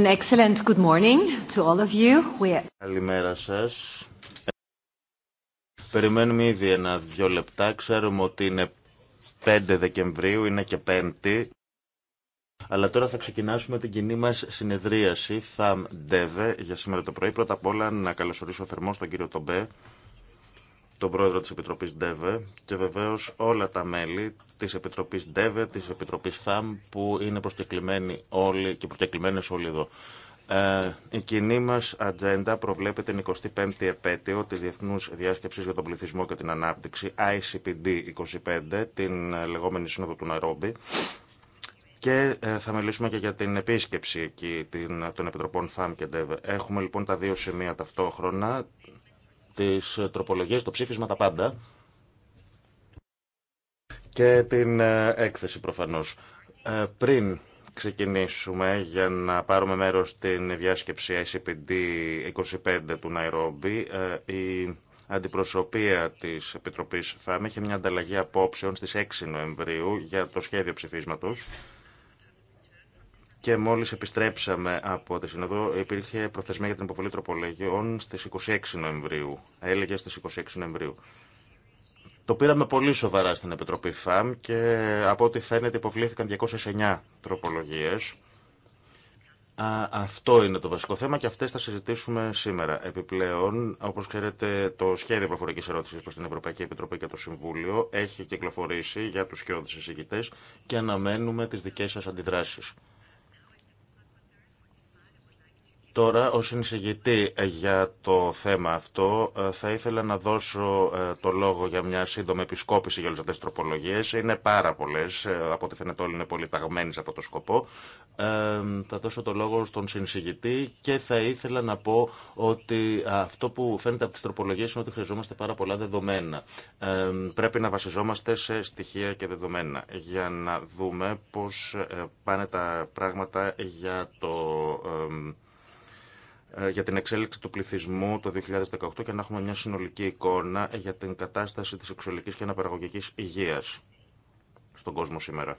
An excellent good morning to all of you. We... Καλημέρα σας. Περιμένουμε ήδη ένα-δυο λεπτά. Ξέρουμε ότι είναι 5 Δεκεμβρίου, είναι και 5η. Αλλά τώρα θα ξεκινάσουμε την κοινή μα συνεδρίαση, ΦΑΜ για σήμερα το πρωί. Πρώτα απ' όλα να καλωσορίσω θερμό τον κύριο Τομπέ, τον πρόεδρο της Επιτροπής ΔΕΒΕ και βεβαίως όλα τα μέλη της Επιτροπής ΔΕΒΕ, της Επιτροπής ΘΑΜ που είναι προσκεκλημένοι όλοι και προσκεκλημένες όλοι εδώ. Ε, η κοινή μα ατζέντα προβλέπει την 25η επέτειο τη Διεθνού Διάσκεψη για τον Πληθυσμό και την Ανάπτυξη, ICPD 25, την λεγόμενη Σύνοδο του Ναρόμπι. Και ε, θα μιλήσουμε και για την επίσκεψη εκεί την, των Επιτροπών ΘΑΜ και ΔΕΒΕ. Έχουμε λοιπόν τα δύο σημεία ταυτόχρονα τις ε, τροπολογίες, το ψήφισμα, τα πάντα και την ε, έκθεση προφανώς. Ε, πριν ξεκινήσουμε για να πάρουμε μέρος στην διάσκεψη ICPD 25 του Ναϊρόμπι, η αντιπροσωπεία της Επιτροπής ΦΑΜ είχε μια ανταλλαγή απόψεων στις 6 Νοεμβρίου για το σχέδιο ψηφίσματος και μόλι επιστρέψαμε από τη Συνοδό, υπήρχε προθεσμία για την υποβολή τροπολογιών στι 26 Νοεμβρίου. Έλεγε στι 26 Νοεμβρίου. Το πήραμε πολύ σοβαρά στην Επιτροπή ΦΑΜ και από ό,τι φαίνεται υποβλήθηκαν 209 τροπολογίε. Αυτό είναι το βασικό θέμα και αυτέ θα συζητήσουμε σήμερα. Επιπλέον, όπω ξέρετε, το σχέδιο προφορική ερώτηση προ την Ευρωπαϊκή Επιτροπή και το Συμβούλιο έχει κυκλοφορήσει για του χιώδει συζητητέ και αναμένουμε τι δικέ σα αντιδράσει. Τώρα, ως συνεισηγητή ε, για το θέμα αυτό, ε, θα ήθελα να δώσω ε, το λόγο για μια σύντομη επισκόπηση για όλες αυτές τις τροπολογίες. Είναι πάρα πολλές, από ό,τι φαίνεται όλοι είναι πολύ ταγμένοι από το σκοπό. θα δώσω το λόγο στον συνεισηγητή και θα ήθελα να πω ότι αυτό που φαίνεται από τις τροπολογίες είναι ότι χρειαζόμαστε πάρα πολλά δεδομένα. Ε, πρέπει να βασιζόμαστε σε στοιχεία και δεδομένα για να δούμε πώς πάνε τα πράγματα για το... Ε, για την εξέλιξη του πληθυσμού το 2018 και να έχουμε μια συνολική εικόνα ε, για την κατάσταση της σεξουαλικής και αναπαραγωγικής υγείας στον κόσμο σήμερα.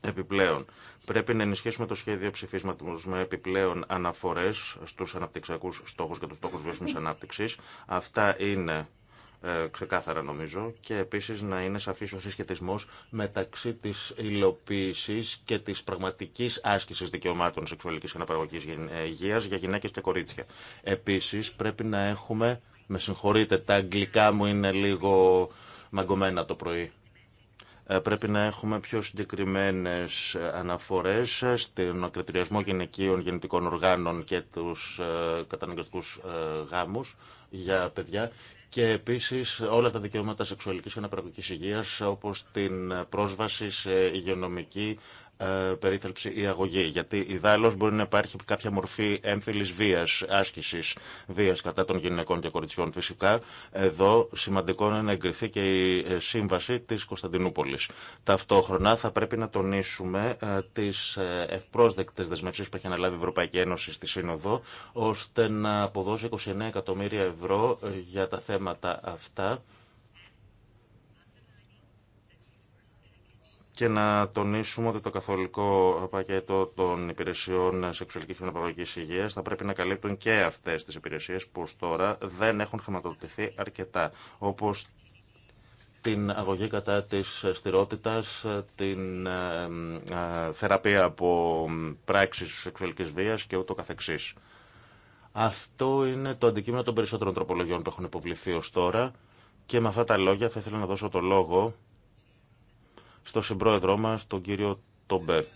Επιπλέον, πρέπει να ενισχύσουμε το σχέδιο ψηφίσματος με επιπλέον αναφορές στους αναπτυξιακού στόχους και τους στόχους βιώσιμης ανάπτυξης. Αυτά είναι ε, ξεκάθαρα νομίζω και επίσης να είναι σαφής ο συσχετισμός μεταξύ της υλοποίησης και της πραγματικής άσκησης δικαιωμάτων σεξουαλικής αναπαραγωγικής ε, υγείας για γυναίκες και κορίτσια. Επίσης πρέπει να έχουμε, με συγχωρείτε τα αγγλικά μου είναι λίγο μαγκωμένα το πρωί, ε, πρέπει να έχουμε πιο συγκεκριμένες αναφορές στον ακριτηριασμό γυναικείων γεννητικών οργάνων και τους καταναγκαστικούς γάμους για παιδιά και επίση όλα τα δικαιώματα σεξουαλική και αναπαραγωγική υγεία, όπω την πρόσβαση σε υγειονομική, ε, περίθαλψη ή αγωγή. Γιατί ιδάλω μπορεί να υπάρχει κάποια μορφή έμφυλη βία, άσκηση βία κατά των γυναικών και κοριτσιών φυσικά. Εδώ σημαντικό είναι να εγκριθεί και η ε, σύμβαση τη Κωνσταντινούπολη. Ταυτόχρονα θα πρέπει να τονίσουμε ε, τι ευπρόσδεκτε δεσμεύσεις που έχει αναλάβει η Ευρωπαϊκή Ένωση στη Σύνοδο, ώστε να αποδώσει 29 εκατομμύρια ευρώ για τα θέματα αυτά και να τονίσουμε ότι το καθολικό πακέτο των υπηρεσιών σεξουαλική και αναπαραγωγική υγεία θα πρέπει να καλύπτουν και αυτέ τι υπηρεσίε που ως τώρα δεν έχουν χρηματοδοτηθεί αρκετά. Όπω την αγωγή κατά της στηρότητας, την ε, ε, θεραπεία από πράξεις σεξουαλικής βίας και ούτω καθεξής. Αυτό είναι το αντικείμενο των περισσότερων τροπολογιών που έχουν υποβληθεί ως τώρα και με αυτά τα λόγια θα ήθελα να δώσω το λόγο στο συμπρόεδρό μας, τον κύριο Τομπέ.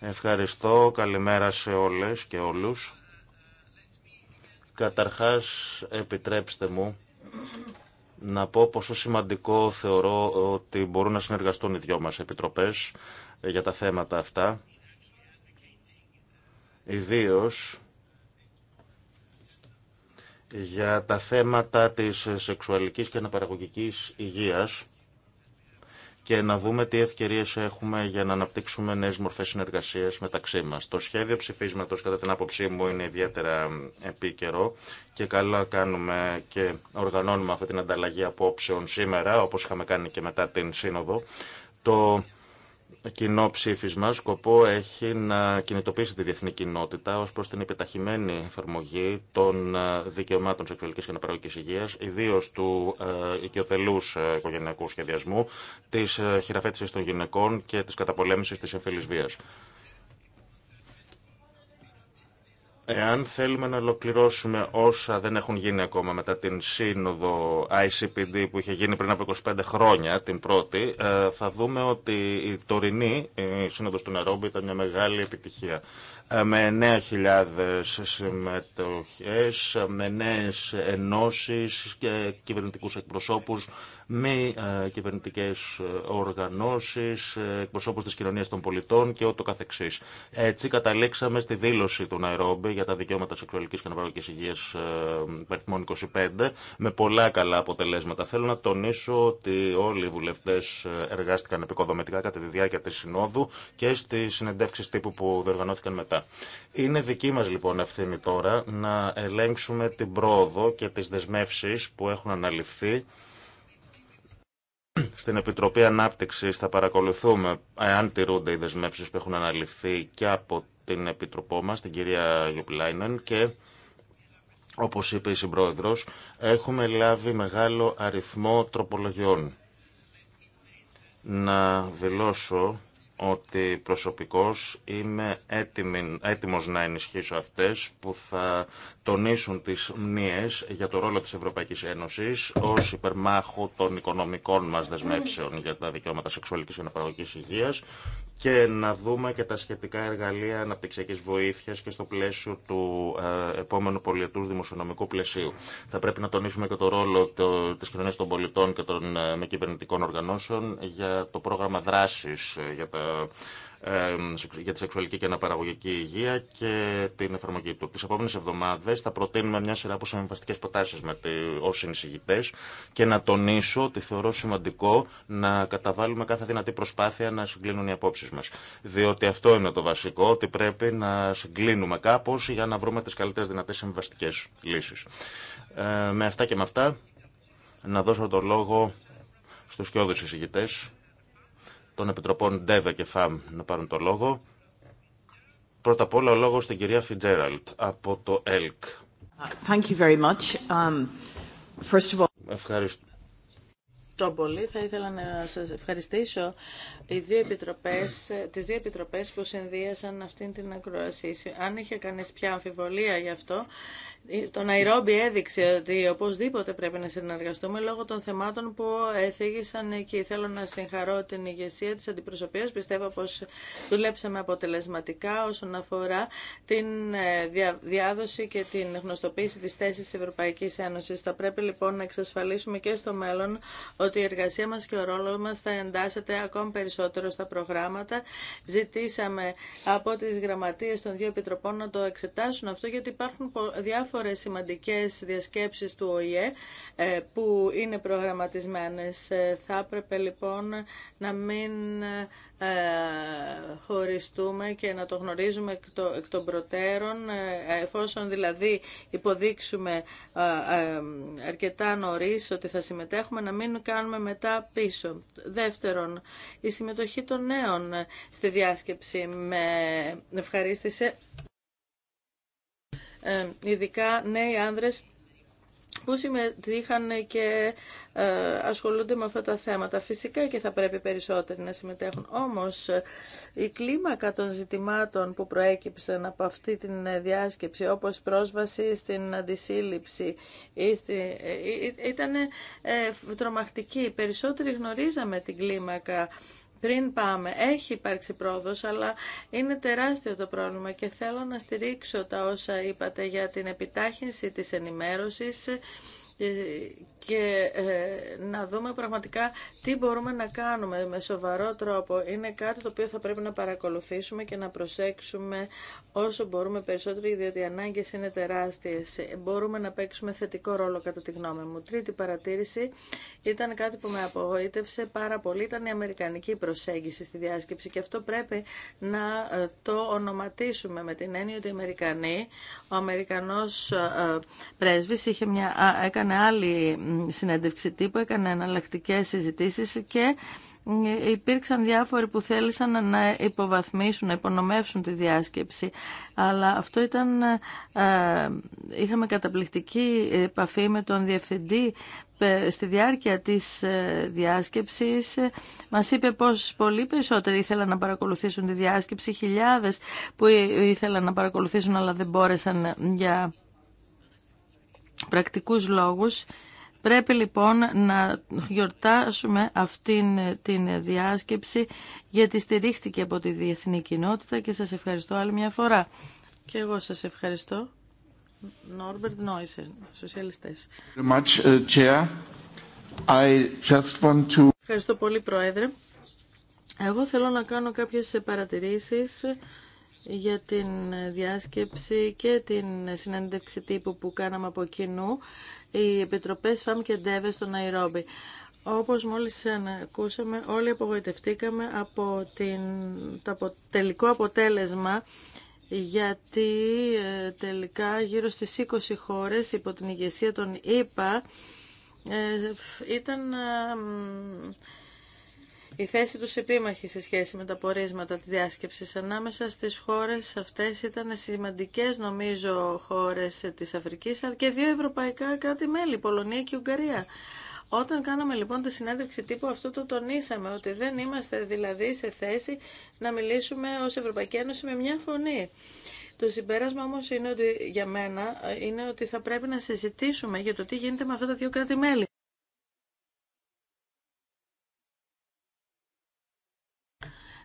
Ευχαριστώ, καλημέρα σε όλες και όλους. Καταρχάς, επιτρέψτε μου να πω πόσο σημαντικό θεωρώ ότι μπορούν να συνεργαστούν οι δυο μας επιτροπές για τα θέματα αυτά. Ιδίως για τα θέματα της σεξουαλικής και αναπαραγωγικής υγείας και να δούμε τι ευκαιρίε έχουμε για να αναπτύξουμε νέε μορφέ συνεργασία μεταξύ μα. Το σχέδιο ψηφίσματο, κατά την άποψή μου, είναι ιδιαίτερα επίκαιρο και καλά κάνουμε και οργανώνουμε αυτή την ανταλλαγή απόψεων σήμερα, όπω είχαμε κάνει και μετά την Σύνοδο. Το κοινό ψήφισμα σκοπό έχει να κινητοποιήσει τη διεθνή κοινότητα ως προς την επιταχυμένη εφαρμογή των ε, δικαιωμάτων σεξουαλικής και αναπαραγωγικής υγείας, ιδίως του ε, οικειοθελούς ε, οικογενειακού σχεδιασμού, της χειραφέτησης των γυναικών και της καταπολέμησης της εμφυλής βίας. Εάν θέλουμε να ολοκληρώσουμε όσα δεν έχουν γίνει ακόμα μετά την σύνοδο ICPD που είχε γίνει πριν από 25 χρόνια, την πρώτη, ε, θα δούμε ότι η τωρινή η σύνοδος του Ναρόμπι ήταν μια μεγάλη επιτυχία με 9.000 συμμετοχές, με νέες ενώσεις και κυβερνητικούς εκπροσώπους, μη ε, κυβερνητικές ε, οργανώσεις, ε, εκπροσώπους της κοινωνίας των πολιτών και ό,τι καθεξής. Έτσι καταλήξαμε στη δήλωση του Ναϊρόμπι για τα δικαιώματα σεξουαλικής και αναπαραγωγικής υγείας περιθμών 25 με πολλά καλά αποτελέσματα. Θέλω να τονίσω ότι όλοι οι βουλευτές εργάστηκαν επικοδομητικά κατά τη διάρκεια της Συνόδου και στις συνεντεύξεις τύπου που διοργανώθηκαν μετά. Είναι δική μας λοιπόν ευθύνη τώρα να ελέγξουμε την πρόοδο και τις δεσμεύσεις που έχουν αναλυφθεί στην Επιτροπή Ανάπτυξη θα παρακολουθούμε εάν τηρούνται οι δεσμεύσεις που έχουν αναλυφθεί και από την Επιτροπό μα, την κυρία Γιουπλάινεν και όπως είπε η συμπρόεδρος έχουμε λάβει μεγάλο αριθμό τροπολογιών. Να δηλώσω ότι προσωπικώς είμαι έτοιμη, έτοιμος να ενισχύσω αυτές που θα τονίσουν τις μνήες για το ρόλο της Ευρωπαϊκής Ένωσης ως υπερμάχου των οικονομικών μας δεσμεύσεων για τα δικαιώματα σεξουαλικής και αναπαραγωγικής υγείας και να δούμε και τα σχετικά εργαλεία αναπτυξιακή βοήθεια και στο πλαίσιο του ε, επόμενου πολιετού δημοσιονομικού πλαισίου. Θα πρέπει να τονίσουμε και το ρόλο τη κοινωνία των πολιτών και των ε, μεκυβερνητικών κυβερνητικών οργανώσεων για το πρόγραμμα δράση ε, για τα για τη σεξουαλική και αναπαραγωγική υγεία και την εφαρμογή του. Τι επόμενε εβδομάδε θα προτείνουμε μια σειρά από συμβαστικέ προτάσει ω συνεισηγητέ και να τονίσω ότι θεωρώ σημαντικό να καταβάλουμε κάθε δυνατή προσπάθεια να συγκλίνουν οι απόψει μα. Διότι αυτό είναι το βασικό, ότι πρέπει να συγκλίνουμε κάπω για να βρούμε τι καλύτερε δυνατέ συμβαστικέ λύσει. Ε, με αυτά και με αυτά, να δώσω το λόγο στους κοιόδους εισηγητές των Επιτροπών Ντέβε και ΦΑΜ να πάρουν το λόγο. Πρώτα απ' όλα ο λόγος στην κυρία Φιτζέραλτ από το ΕΛΚ. Thank you very um, Ευχαριστώ πολύ. Θα ήθελα να σας ευχαριστήσω οι δύο επιτροπές, τις δύο επιτροπές που συνδύασαν αυτήν την ακροασή. Αν είχε κανείς πια αμφιβολία γι' αυτό, το Ναϊρόμπι έδειξε ότι οπωσδήποτε πρέπει να συνεργαστούμε λόγω των θεμάτων που έφυγησαν και Θέλω να συγχαρώ την ηγεσία της αντιπροσωπείας. Πιστεύω πως δουλέψαμε αποτελεσματικά όσον αφορά την ε, διάδοση και την γνωστοποίηση της θέσης της Ευρωπαϊκής Ένωσης. Θα πρέπει λοιπόν να εξασφαλίσουμε και στο μέλλον ότι η εργασία μας και ο ρόλος μας θα εντάσσεται ακόμη περισσότερο στα προγράμματα. Ζητήσαμε από τις γραμματείες των δύο επιτροπών να το εξετάσουν αυτό γιατί υπάρχουν διάφορα διάφορες σημαντικές διασκέψεις του ΟΗΕ ε, που είναι προγραμματισμένες. Ε, θα έπρεπε λοιπόν να μην ε, χωριστούμε και να το γνωρίζουμε εκ των προτέρων, εφόσον δηλαδή υποδείξουμε αρκετά νωρίς ότι θα συμμετέχουμε, να μην κάνουμε μετά πίσω. Δεύτερον, η συμμετοχή των νέων στη διάσκεψη με ευχαρίστησε ε, ειδικά νέοι άνδρες που συμμετείχαν και ε, ασχολούνται με αυτά τα θέματα. Φυσικά και θα πρέπει περισσότεροι να συμμετέχουν. Όμως η κλίμακα των ζητημάτων που προέκυψαν από αυτή την διάσκεψη, όπως πρόσβαση στην αντισύλληψη, ε, ήταν τρομακτική. Περισσότεροι γνωρίζαμε την κλίμακα πριν πάμε. Έχει υπάρξει πρόοδος, αλλά είναι τεράστιο το πρόβλημα και θέλω να στηρίξω τα όσα είπατε για την επιτάχυνση της ενημέρωσης ε, και ε, να δούμε πραγματικά τι μπορούμε να κάνουμε με σοβαρό τρόπο. Είναι κάτι το οποίο θα πρέπει να παρακολουθήσουμε και να προσέξουμε όσο μπορούμε περισσότερο, διότι οι ανάγκε είναι τεράστιε. Μπορούμε να παίξουμε θετικό ρόλο, κατά τη γνώμη μου. Τρίτη παρατήρηση ήταν κάτι που με απογοήτευσε πάρα πολύ. Ήταν η αμερικανική προσέγγιση στη διάσκεψη και αυτό πρέπει να ε, το ονοματίσουμε με την έννοια ότι οι Αμερικανοί, ο Αμερικανό πρέσβη έκανε έκανε άλλη συνέντευξη τύπου, έκανε εναλλακτικέ συζητήσεις και υπήρξαν διάφοροι που θέλησαν να υποβαθμίσουν, να υπονομεύσουν τη διάσκεψη. Αλλά αυτό ήταν, ε, είχαμε καταπληκτική επαφή με τον Διευθυντή στη διάρκεια της ε, διάσκεψης μας είπε πως πολύ περισσότεροι ήθελαν να παρακολουθήσουν τη διάσκεψη, χιλιάδες που ήθελαν να παρακολουθήσουν αλλά δεν μπόρεσαν για πρακτικούς λόγους. Πρέπει λοιπόν να γιορτάσουμε αυτήν την διάσκεψη γιατί στηρίχθηκε από τη διεθνή κοινότητα και σας ευχαριστώ άλλη μια φορά. Και εγώ σας ευχαριστώ. Uh, just want σοσιαλιστές. Ευχαριστώ πολύ, Πρόεδρε. Εγώ θέλω να κάνω κάποιες παρατηρήσεις για την διάσκεψη και την συνέντευξη τύπου που κάναμε από κοινού οι Επιτροπές ΦΑΜ και ΝΤΕΒΕ στο Ναϊρόμπι. Όπως μόλις ακούσαμε, όλοι απογοητευτήκαμε από την, το τελικό αποτέλεσμα γιατί ε, τελικά γύρω στις 20 χώρες υπό την ηγεσία των ΗΠΑ ε, ήταν ε, η θέση του επίμαχη σε σχέση με τα πορίσματα της διάσκεψης ανάμεσα στις χώρες αυτές ήταν σημαντικές νομίζω χώρες της Αφρικής αλλά και δύο ευρωπαϊκά κράτη-μέλη, Πολωνία και Ουγγαρία. Όταν κάναμε λοιπόν τη συνέντευξη τύπου αυτό το τονίσαμε ότι δεν είμαστε δηλαδή σε θέση να μιλήσουμε ως Ευρωπαϊκή Ένωση με μια φωνή. Το συμπέρασμα όμως είναι ότι για μένα ε, είναι ότι θα πρέπει να συζητήσουμε για το τι γίνεται με αυτά τα δύο κράτη-μέλη.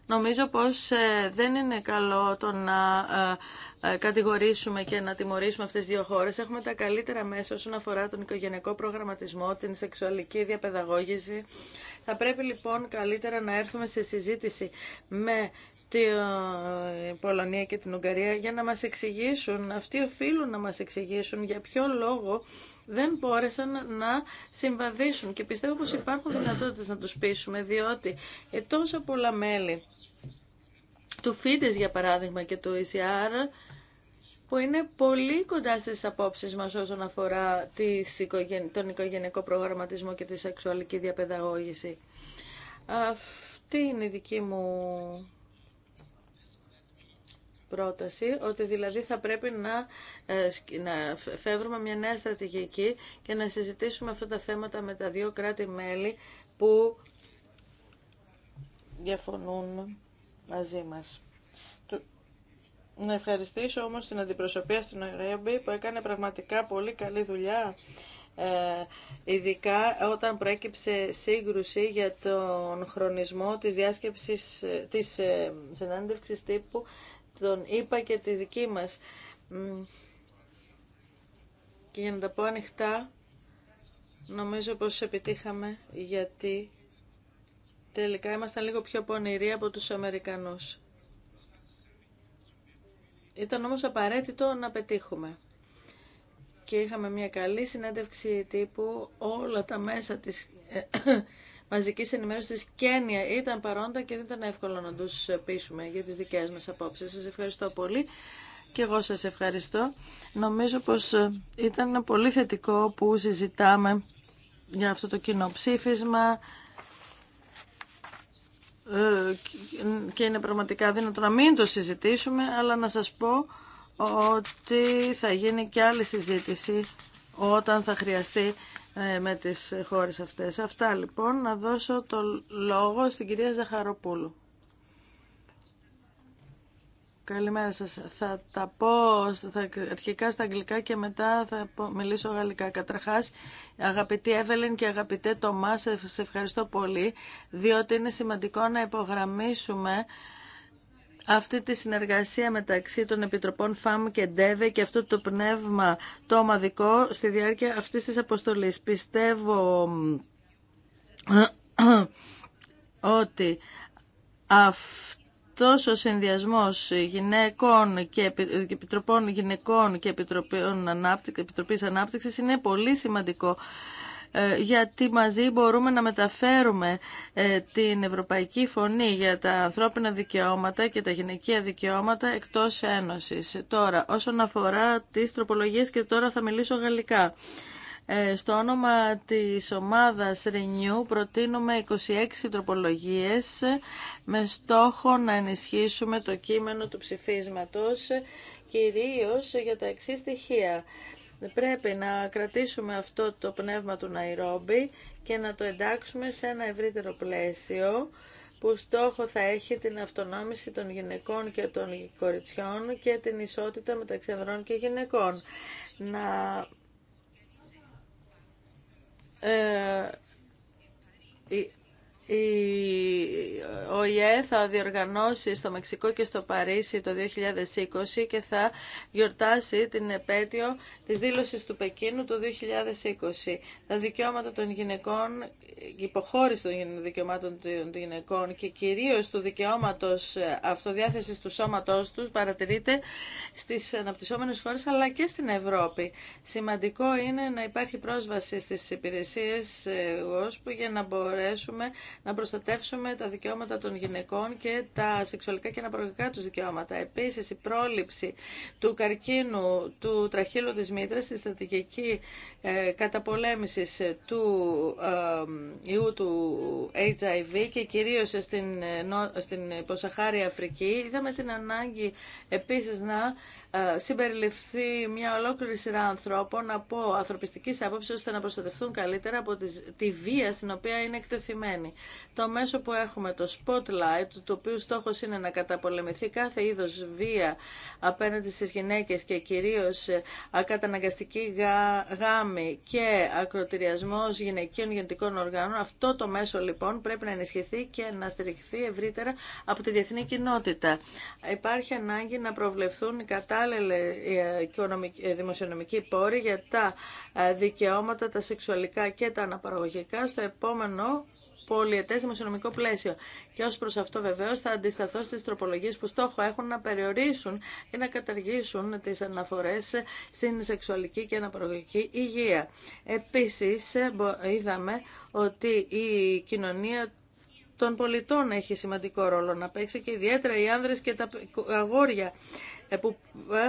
Νομίζω πως ε, δεν είναι καλό το να ε, ε, κατηγορήσουμε και να τιμωρήσουμε αυτές τις δύο χώρες. Έχουμε τα καλύτερα μέσα όσον αφορά τον οικογενειακό προγραμματισμό, την σεξουαλική διαπαιδαγώγηση. Θα πρέπει λοιπόν καλύτερα να έρθουμε σε συζήτηση με την Πολωνία και την Ουγγαρία για να μας εξηγήσουν, αυτοί οφείλουν να μας εξηγήσουν για ποιο λόγο δεν μπόρεσαν να συμβαδίσουν και πιστεύω πως υπάρχουν δυνατότητες να τους πείσουμε διότι τόσα πολλά μέλη του ΦΙΝΤΕΣ για παράδειγμα και του ECR που είναι πολύ κοντά στις απόψεις μας όσον αφορά τον οικογενειακό προγραμματισμό και τη σεξουαλική διαπαιδαγώγηση. Αυτή είναι η δική μου πρόταση, ότι δηλαδή θα πρέπει να, ε, να φεύγουμε μια νέα στρατηγική και να συζητήσουμε αυτά τα θέματα με τα δύο κράτη-μέλη που διαφωνούν μαζί μας. Να ευχαριστήσω όμως την αντιπροσωπεία στην Ρέμπη που έκανε πραγματικά πολύ καλή δουλειά ε, ειδικά όταν προέκυψε σύγκρουση για τον χρονισμό της διάσκεψης ε, της ε, συνάντευξης τύπου τον είπα και τη δική μας και για να τα πω ανοιχτά νομίζω πως επιτύχαμε γιατί Τελικά ήμασταν λίγο πιο πονηροί από τους Αμερικανούς. Ήταν όμως απαραίτητο να πετύχουμε. Και είχαμε μια καλή συνέντευξη τύπου όλα τα μέσα της ε, μαζικής ενημέρωσης της Κένια ήταν παρόντα και δεν ήταν εύκολο να τους πείσουμε για τις δικές μας απόψεις. Σας ευχαριστώ πολύ και εγώ σας ευχαριστώ. Νομίζω πως ε, ήταν πολύ θετικό που συζητάμε για αυτό το κοινοψήφισμα. Ε, και είναι πραγματικά δύνατο να μην το συζητήσουμε, αλλά να σας πω ότι θα γίνει και άλλη συζήτηση όταν θα χρειαστεί ε, με τις χώρες αυτές. Αυτά λοιπόν, να δώσω το λόγο στην κυρία Ζαχαροπούλου. Καλημέρα σας. Θα τα πω θα, αρχικά στα αγγλικά και μετά θα μιλήσω γαλλικά. Καταρχάς, αγαπητή Εύελιν και αγαπητέ Τωμά, ε, σε, ευχαριστώ πολύ, διότι είναι σημαντικό να υπογραμμίσουμε αυτή τη συνεργασία μεταξύ των Επιτροπών ΦΑΜ και ΝΤΕΒΕ και αυτό το πνεύμα το ομαδικό στη διάρκεια αυτής της αποστολής. Πιστεύω ότι αυτός ο συνδυασμός γυναικών και επιτροπών γυναικών και επιτροπών ανάπτυξης, επιτροπής ανάπτυξης είναι πολύ σημαντικό ε, γιατί μαζί μπορούμε να μεταφέρουμε ε, την ευρωπαϊκή φωνή για τα ανθρώπινα δικαιώματα και τα γυναικεία δικαιώματα εκτός Ένωσης. Τώρα, όσον αφορά τις τροπολογίες και τώρα θα μιλήσω γαλλικά. Ε, στο όνομα της ομάδας Renew προτείνουμε 26 τροπολογίες με στόχο να ενισχύσουμε το κείμενο του ψηφίσματος κυρίως για τα εξή στοιχεία. Πρέπει να κρατήσουμε αυτό το πνεύμα του Ναϊρόμπι και να το εντάξουμε σε ένα ευρύτερο πλαίσιο που στόχο θα έχει την αυτονόμηση των γυναικών και των κοριτσιών και την ισότητα μεταξύ ανδρών και γυναικών. Να ε, η ΟΗΕ θα διοργανώσει στο Μεξικό και στο Παρίσι το 2020 και θα γιορτάσει την επέτειο της δήλωσης του Πεκίνου το 2020. Τα δικαιώματα των γυναικών, η υποχώρηση των δικαιωμάτων των γυναικών και κυρίως του δικαιώματος ε, αυτοδιάθεσης του σώματός τους παρατηρείται στις αναπτυσσόμενες χώρες αλλά και στην Ευρώπη. Σημαντικό είναι να υπάρχει πρόσβαση στις υπηρεσίες ε, για να μπορέσουμε να προστατεύσουμε τα δικαιώματα των γυναικών και τα σεξουαλικά και αναπαραγωγικά τους δικαιώματα. Επίσης, η πρόληψη του καρκίνου του τραχύλου της μήτρας, η στρατηγική ε, καταπολέμησης του ε, ιού του HIV και κυρίως στην, ε, στην Ποσαχάρη Αφρική, είδαμε την ανάγκη επίσης να ε, συμπεριληφθεί μια ολόκληρη σειρά ανθρώπων από ανθρωπιστική άποψη ώστε να προστατευτούν καλύτερα από τη βία στην οποία είναι εκτεθειμένοι. Το μέσο που έχουμε, το Spotlight, το οποίο στόχο είναι να καταπολεμηθεί κάθε είδο βία απέναντι στι γυναίκε και κυρίω ε, ακαταναγκαστική γάμη και ακροτηριασμό γυναικείων γεννητικών οργάνων, αυτό το μέσο λοιπόν πρέπει να ενισχυθεί και να στηριχθεί ευρύτερα από τη διεθνή κοινότητα. Υπάρχει ανάγκη να προβλεφθούν κατά ε, οι ε, δημοσιονομική πόρη για τα ε, δικαιώματα, τα σεξουαλικά και τα αναπαραγωγικά στο επόμενο πολιετές δημοσιονομικό πλαίσιο. Και ως προς αυτό βεβαίως θα αντισταθώ στις τροπολογίες που στόχο έχουν να περιορίσουν ή να καταργήσουν τις αναφορές στην σεξουαλική και αναπαραγωγική υγεία. Επίσης είδαμε ότι η κοινωνία των πολιτών έχει σημαντικό ρόλο να παίξει και ιδιαίτερα οι άνδρες και τα αγόρια ε, που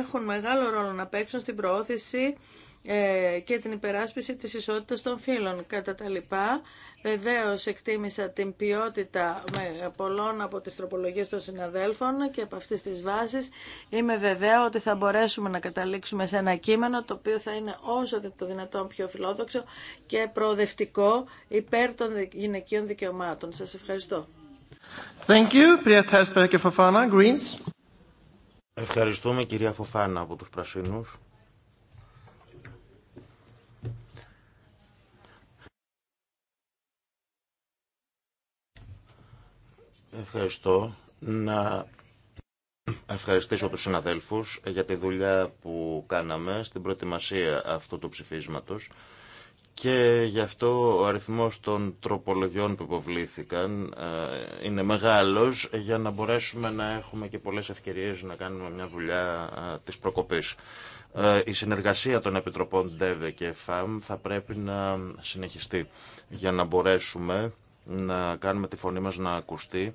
έχουν μεγάλο ρόλο να παίξουν στην προώθηση ε, και την υπεράσπιση της ισότητας των φύλων. Κατά τα λοιπά, βεβαίως εκτίμησα την ποιότητα με πολλών από τις τροπολογίες των συναδέλφων και από αυτής της βάσης είμαι βεβαία ότι θα μπορέσουμε να καταλήξουμε σε ένα κείμενο το οποίο θα είναι όσο το δυνατόν πιο φιλόδοξο και προοδευτικό υπέρ των γυναικείων δικαιωμάτων. Σας ευχαριστώ. Thank you, Greens. Ευχαριστούμε κυρία Φοφάνα από τους Πρασίνους. Ευχαριστώ. Να ευχαριστήσω τους συναδέλφους για τη δουλειά που κάναμε στην προετοιμασία αυτού του ψηφίσματος και γι' αυτό ο αριθμός των τροπολογιών που υποβλήθηκαν ε, είναι μεγάλος για να μπορέσουμε να έχουμε και πολλές ευκαιρίες να κάνουμε μια δουλειά ε, της προκοπής. Ε, η συνεργασία των Επιτροπών ΔΕΒΕ και ΦΑΜ θα πρέπει να συνεχιστεί για να μπορέσουμε να κάνουμε τη φωνή μας να ακουστεί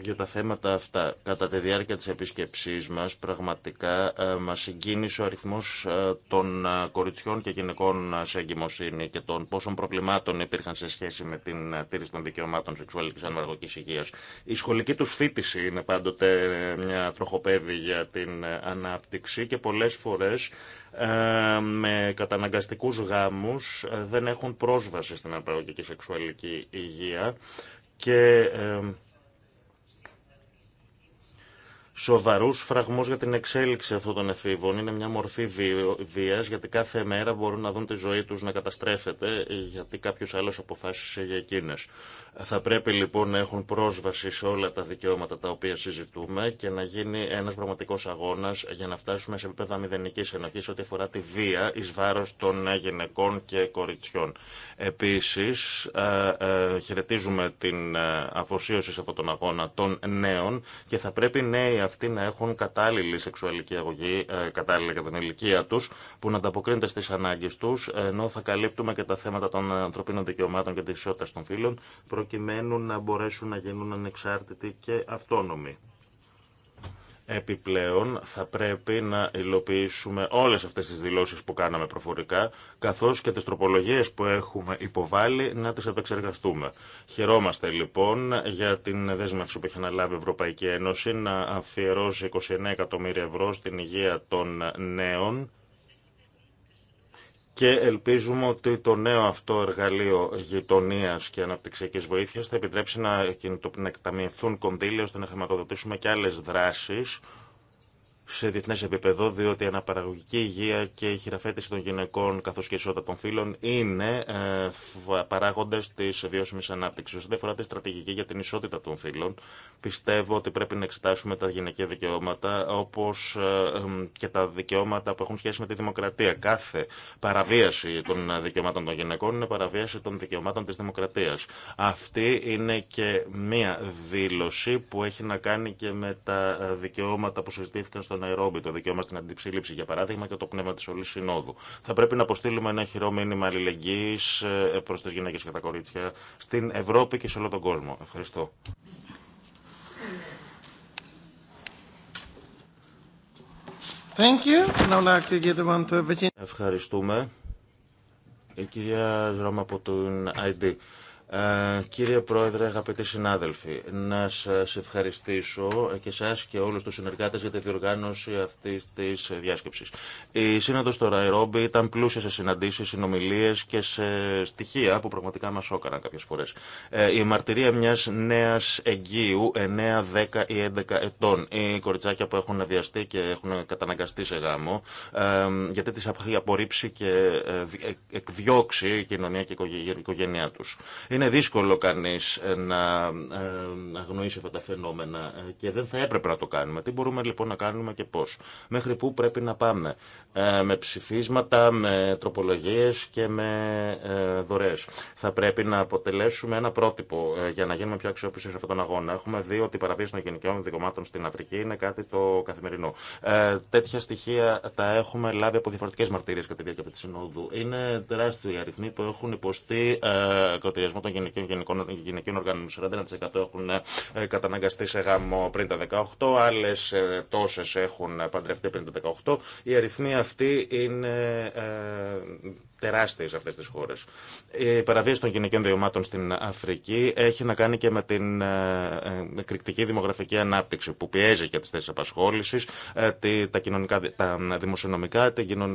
για τα θέματα αυτά. Κατά τη διάρκεια της επίσκεψής μας πραγματικά ε, μας συγκίνησε ο αριθμός ε, των ε, κοριτσιών και γυναικών σε εγκυμοσύνη και των πόσων προβλημάτων υπήρχαν σε σχέση με την τήρηση των δικαιωμάτων σεξουαλικής αναπαραγωγικής υγείας. Η σχολική τους φίτηση είναι πάντοτε μια τροχοπέδη για την ανάπτυξη και πολλές φορές με καταναγκαστικούς γάμους δεν έχουν πρόσβαση στην αναπαραγωγική σεξουαλική υγεία και σοβαρούς φραγμούς για την εξέλιξη αυτών των εφήβων. Είναι μια μορφή βίας γιατί κάθε μέρα μπορούν να δουν τη ζωή τους να καταστρέφεται γιατί κάποιος άλλος αποφάσισε για εκείνες. Θα πρέπει λοιπόν να έχουν πρόσβαση σε όλα τα δικαιώματα τα οποία συζητούμε και να γίνει ένας πραγματικό αγώνας για να φτάσουμε σε επίπεδα μηδενική ενοχής ό,τι αφορά τη βία εις βάρος των γυναικών και κοριτσιών. Επίσης, χαιρετίζουμε την αφοσίωση από τον αγώνα των νέων και θα πρέπει νέοι αυτοί να έχουν κατάλληλη σεξουαλική αγωγή, ε, κατάλληλη για την ηλικία του, που να ανταποκρίνεται στι ανάγκε του, ενώ θα καλύπτουμε και τα θέματα των ανθρωπίνων δικαιωμάτων και τη ισότητα των φίλων προκειμένου να μπορέσουν να γίνουν ανεξάρτητοι και αυτόνομοι. Επιπλέον θα πρέπει να υλοποιήσουμε όλες αυτές τις δηλώσεις που κάναμε προφορικά καθώς και τις τροπολογίες που έχουμε υποβάλει να τις επεξεργαστούμε. Χαιρόμαστε λοιπόν για την δέσμευση που έχει αναλάβει η Ευρωπαϊκή Ένωση να αφιερώσει 29 εκατομμύρια ευρώ στην υγεία των νέων και ελπίζουμε ότι το νέο αυτό εργαλείο γειτονία και αναπτυξιακή βοήθεια θα επιτρέψει να, να εκταμιευθούν κονδύλια ώστε να χρηματοδοτήσουμε και άλλε δράσει σε διεθνέ επίπεδο, διότι η αναπαραγωγική υγεία και η χειραφέτηση των γυναικών καθώ και η ισότητα των φύλων είναι ε, παράγοντε τη βιώσιμη ανάπτυξη. Όσον αφορά τη στρατηγική για την ισότητα των φύλων, πιστεύω ότι πρέπει να εξετάσουμε τα γυναικεία δικαιώματα όπω ε, και τα δικαιώματα που έχουν σχέση με τη δημοκρατία. Κάθε παραβίαση των δικαιωμάτων των γυναικών είναι παραβίαση των δικαιωμάτων τη δημοκρατία. Αυτή είναι και μία δήλωση που έχει να κάνει και με τα ε, δικαιώματα που συζητήθηκαν στον Ναϊρόμπι, το δικαίωμα στην αντιψήληψη για παράδειγμα και το πνεύμα τη όλη συνόδου. Θα πρέπει να αποστείλουμε ένα χειρό μήνυμα αλληλεγγύη ε, προ τι γυναίκε και τα κορίτσια στην Ευρώπη και σε όλο τον κόσμο. Ευχαριστώ. Thank you. Like to one to Ευχαριστούμε. Η κυρία Ρώμα από το ID. Ε, κύριε Πρόεδρε, αγαπητοί συνάδελφοι, να σας ευχαριστήσω και σας και όλους τους συνεργάτες για τη διοργάνωση αυτής της διάσκεψης. Η σύνοδος στο Ραϊρόμπι ήταν πλούσια σε συναντήσεις, συνομιλίες και σε στοιχεία που πραγματικά μας όκαναν κάποιες φορές. Ε, η μαρτυρία μιας νέας εγγύου, 9, 10 ή 11 ετών, οι κοριτσάκια που έχουν βιαστεί και έχουν καταναγκαστεί σε γάμο, ε, γιατί τις έχει απορρίψει και εκδιώξει η 11 ετων οι κοριτσακια που εχουν βιαστει και εχουν καταναγκαστει σε γαμο γιατι τι εχει απορριψει και εκδιωξει η κοινωνια και η οικογένειά τους. Είναι δύσκολο κανείς ε, να ε, αγνοήσει αυτά τα φαινόμενα ε, και δεν θα έπρεπε να το κάνουμε. Τι μπορούμε λοιπόν να κάνουμε και πώς. Μέχρι πού πρέπει να πάμε. Με ψηφίσματα, με τροπολογίες και με δωρεές. Θα πρέπει να αποτελέσουμε ένα πρότυπο για να γίνουμε πιο αξιόπιστοι σε αυτόν τον αγώνα. Έχουμε δει ότι η παραβίαση των γενικών δικαιωμάτων στην Αφρική είναι κάτι το καθημερινό. Τέτοια στοιχεία τα έχουμε λάβει από διαφορετικές μαρτυρίες κατά τη διάρκεια της Συνόδου. Είναι τεράστιοι αριθμοί που έχουν υποστεί ε, των γυναικών, γυναικείων οργάνων. 41% έχουν ε, καταναγκαστεί σε γάμο πριν τα 18, άλλε τόσε έχουν παντρευτεί πριν τα 18. Η αριθμή αυτή είναι ε, τεράστιε αυτέ τι χώρε. Η παραβίαση των γυναικών δικαιωμάτων στην Αφρική έχει να κάνει και με την ε, ε, εκρηκτική δημογραφική ανάπτυξη που πιέζει και τι θέσει απασχόληση, ε, τα, τα δημοσιονομικά,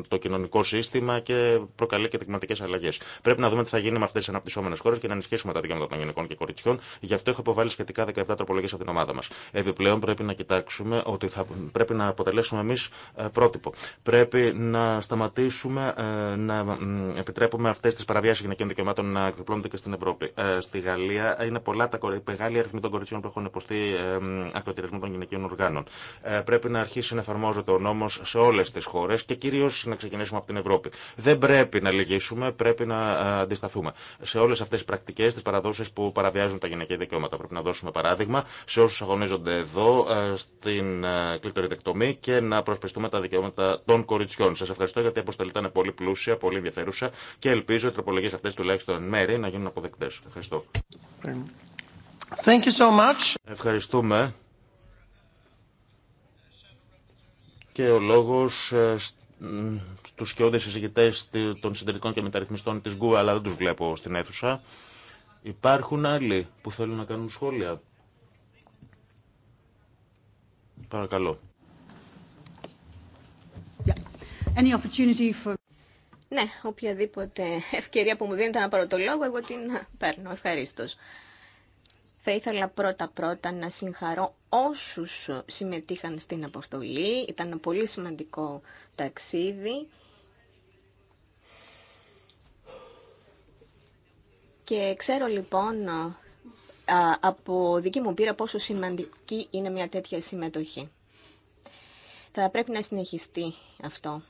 το κοινωνικό σύστημα και προκαλεί και τεκματικέ αλλαγέ. Πρέπει να δούμε τι θα γίνει με αυτέ τι αναπτυσσόμενε χώρε και να ενισχύσουμε τα δικαιώματα των γυναικών και κοριτσιών. Γι' αυτό έχω αποβάλει σχετικά 17 τροπολογίε από την ομάδα μα. Επιπλέον πρέπει να κοιτάξουμε ότι θα πρέπει να αποτελέσουμε εμεί πρότυπο. Πρέπει να σταματήσουμε να επιτρέπουμε αυτέ τι παραβιάσει γυναικείων δικαιωμάτων να εκδιπλώνονται και στην Ευρώπη. Ε, στη Γαλλία είναι πολλά τα μεγάλη αριθμή των κοριτσιών που έχουν υποστεί ε, ακροτηρισμό των γυναικείων οργάνων. Ε, πρέπει να αρχίσει να εφαρμόζεται ο νόμο σε όλε τι χώρε και κυρίω να ξεκινήσουμε από την Ευρώπη. Δεν πρέπει να λυγίσουμε, πρέπει να αντισταθούμε. Σε όλε αυτέ τι πρακτικέ, τι παραδόσει που παραβιάζουν τα γυναικεία δικαιώματα. Πρέπει να δώσουμε παράδειγμα σε όσου αγωνίζονται εδώ στην κλειτοριδεκτομή και να προσπιστούμε τα δικαιώματα των κοριτσιών. Σα ευχαριστώ γιατί η πολύ πλούσια, πολύ ενδιαφέρον και ελπίζω οι τροπολογίε αυτέ τουλάχιστον μέρη να γίνουν αποδεκτέ. Ευχαριστώ. Thank you so much. Ευχαριστούμε. Και ο λόγος ε, στους σκιώδες εισηγητές των συντηρητικών και μεταρρυθμιστών της ΓΚΟΥ, αλλά δεν τους βλέπω στην αίθουσα. Υπάρχουν άλλοι που θέλουν να κάνουν σχόλια. Παρακαλώ. Yeah. Any opportunity for... Ναι, οποιαδήποτε ευκαιρία που μου δίνετε να πάρω το λόγο, εγώ την παίρνω. Ευχαρίστω. Θα ήθελα πρώτα-πρώτα να συγχαρώ όσους συμμετείχαν στην αποστολή. Ήταν ένα πολύ σημαντικό ταξίδι. Και ξέρω λοιπόν από δική μου πείρα πόσο σημαντική είναι μια τέτοια συμμετοχή. Θα πρέπει να συνεχιστεί αυτό.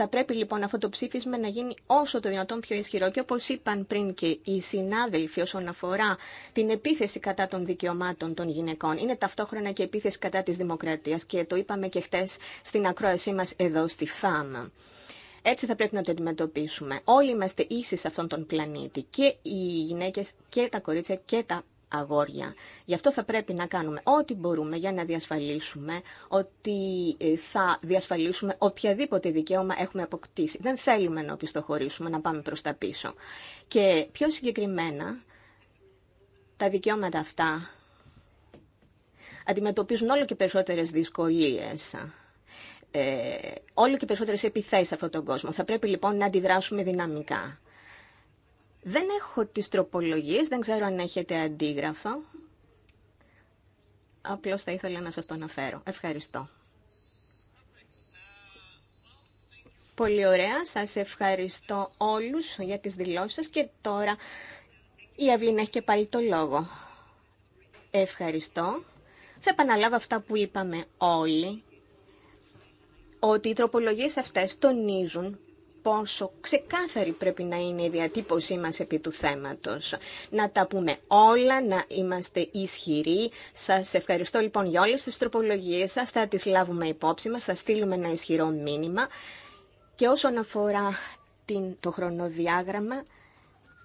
Θα πρέπει λοιπόν αυτό το ψήφισμα να γίνει όσο το δυνατόν πιο ισχυρό και όπω είπαν πριν και οι συνάδελφοι όσον αφορά την επίθεση κατά των δικαιωμάτων των γυναικών. Είναι ταυτόχρονα και επίθεση κατά της δημοκρατίας και το είπαμε και χτε στην ακρόασή μα εδώ στη ΦΑΜ. Έτσι θα πρέπει να το αντιμετωπίσουμε. Όλοι είμαστε ίσοι σε αυτόν τον πλανήτη και οι γυναίκε και τα κορίτσια και τα αγόρια. Γι' αυτό θα πρέπει να κάνουμε ό,τι μπορούμε για να διασφαλίσουμε ότι ε, θα διασφαλίσουμε οποιαδήποτε δικαίωμα έχουμε αποκτήσει. Δεν θέλουμε να οπισθοχωρήσουμε, να πάμε προς τα πίσω. Και πιο συγκεκριμένα, τα δικαιώματα αυτά αντιμετωπίζουν όλο και περισσότερες δυσκολίες. Ε, όλο και περισσότερες επιθέσεις σε αυτόν τον κόσμο. Θα πρέπει λοιπόν να αντιδράσουμε δυναμικά. Δεν έχω τις τροπολογίες, δεν ξέρω αν έχετε αντίγραφα. Απλώς θα ήθελα να σας το αναφέρω. Ευχαριστώ. Πολύ ωραία. Σας ευχαριστώ όλους για τις δηλώσεις σας και τώρα η Ευλίνα έχει και πάλι το λόγο. Ευχαριστώ. Θα επαναλάβω αυτά που είπαμε όλοι, ότι οι τροπολογίες αυτές τονίζουν πόσο ξεκάθαρη πρέπει να είναι η διατύπωσή μας επί του θέματος. Να τα πούμε όλα, να είμαστε ισχυροί. Σας ευχαριστώ λοιπόν για όλες τις τροπολογίες σας, θα τις λάβουμε υπόψη μας, θα στείλουμε ένα ισχυρό μήνυμα. Και όσον αφορά την, το χρονοδιάγραμμα,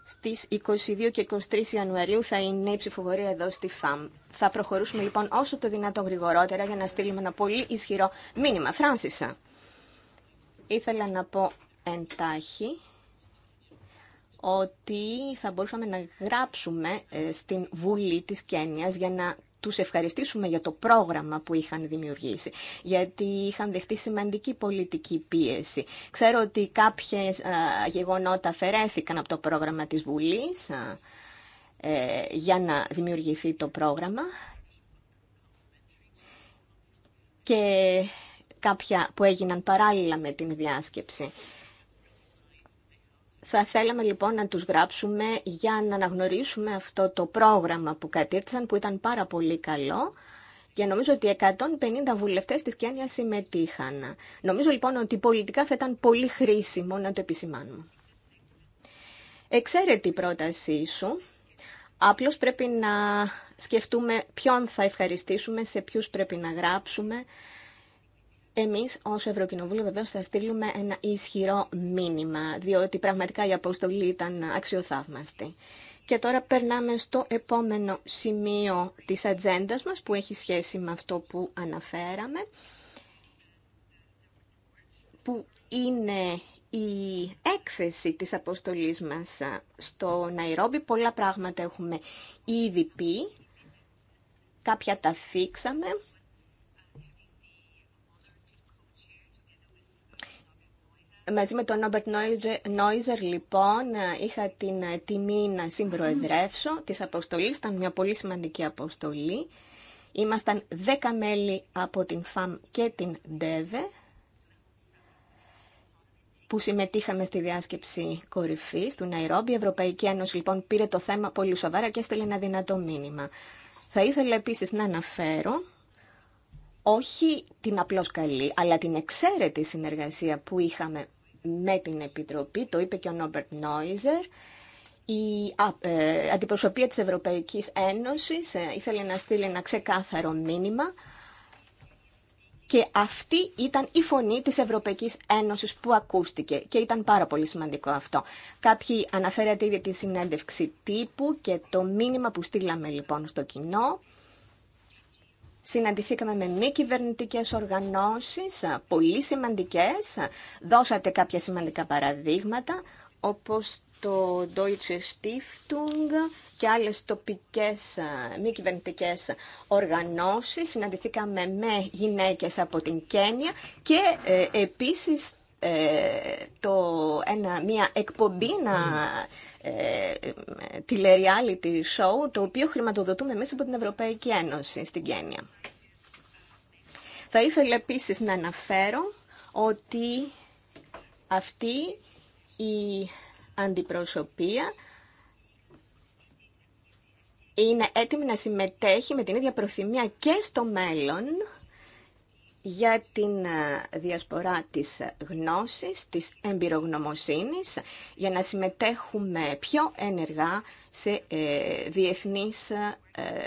στις 22 και 23 Ιανουαρίου θα είναι η ψηφοφορία εδώ στη ΦΑΜ. Θα προχωρήσουμε λοιπόν όσο το δυνατό γρηγορότερα για να στείλουμε ένα πολύ ισχυρό μήνυμα. Φράνσισα, ήθελα να πω εντάχει ότι θα μπορούσαμε να γράψουμε ε, στην Βουλή της Κένιας για να τους ευχαριστήσουμε για το πρόγραμμα που είχαν δημιουργήσει, γιατί είχαν δεχτεί σημαντική πολιτική πίεση. Ξέρω ότι κάποιες ε, γεγονότα αφαιρέθηκαν από το πρόγραμμα της Βουλής ε, για να δημιουργηθεί το πρόγραμμα και κάποια που έγιναν παράλληλα με την διάσκεψη. Θα θέλαμε λοιπόν να τους γράψουμε για να αναγνωρίσουμε αυτό το πρόγραμμα που κατήρθησαν, που ήταν πάρα πολύ καλό. Και νομίζω ότι 150 βουλευτές της Κένια συμμετείχαν. Νομίζω λοιπόν ότι πολιτικά θα ήταν πολύ χρήσιμο να το επισημάνουμε. Εξαίρετη η πρότασή σου. Απλώς πρέπει να σκεφτούμε ποιον θα ευχαριστήσουμε, σε ποιους πρέπει να γράψουμε. Εμείς ως Ευρωκοινοβούλιο βεβαίω θα στείλουμε ένα ισχυρό μήνυμα, διότι πραγματικά η αποστολή ήταν αξιοθαύμαστη. Και τώρα περνάμε στο επόμενο σημείο της ατζέντα μας που έχει σχέση με αυτό που αναφέραμε, που είναι η έκθεση της αποστολής μας στο Ναϊρόμπι. Πολλά πράγματα έχουμε ήδη πει, κάποια τα φύξαμε Μαζί με τον Νόμπερτ Νόιζερ, λοιπόν, ε, είχα την ε, τιμή να συμπροεδρεύσω της αποστολής. Ήταν μια πολύ σημαντική αποστολή. Ήμασταν 10 μέλη από την ΦΑΜ και την ΝΤΕΒΕ που συμμετείχαμε στη διάσκεψη κορυφή του Ναϊρόμπι. Η Ευρωπαϊκή Ένωση λοιπόν πήρε το θέμα πολύ σοβαρά και έστειλε ένα δυνατό μήνυμα. Θα ήθελα επίσης να αναφέρω όχι την απλώς καλή, αλλά την εξαίρετη συνεργασία που είχαμε με την Επιτροπή, το είπε και ο Νόμπερτ Νόιζερ, η ε, αντιπροσωπεία της Ευρωπαϊκής Ένωσης ε, ήθελε να στείλει ένα ξεκάθαρο μήνυμα και αυτή ήταν η φωνή της Ευρωπαϊκής Ένωσης που ακούστηκε και ήταν πάρα πολύ σημαντικό αυτό. Κάποιοι αναφέρατε ήδη τη συνέντευξη τύπου και το μήνυμα που στείλαμε λοιπόν στο κοινό. Συναντηθήκαμε με μη κυβερνητικέ οργανώσει, πολύ σημαντικές. Δώσατε κάποια σημαντικά παραδείγματα, όπως το Deutsche Stiftung και άλλε τοπικέ ε, μη κυβερνητικέ οργανώσει. Συναντηθήκαμε με γυναίκε από την Κένια και ε, επίσης ε, το, ένα, μια εκπομπή να ε, τηλε-reality show το οποίο χρηματοδοτούμε εμείς από την Ευρωπαϊκή Ένωση στην Κένια. Θα ήθελα επίσης να αναφέρω ότι αυτή η αντιπροσωπεία είναι έτοιμη να συμμετέχει με την ίδια προθυμία και στο μέλλον για την ε, διασπορά της γνώσης, της εμπειρογνωμοσύνης, για να συμμετέχουμε πιο ενεργά σε ε, διεθνείς ε,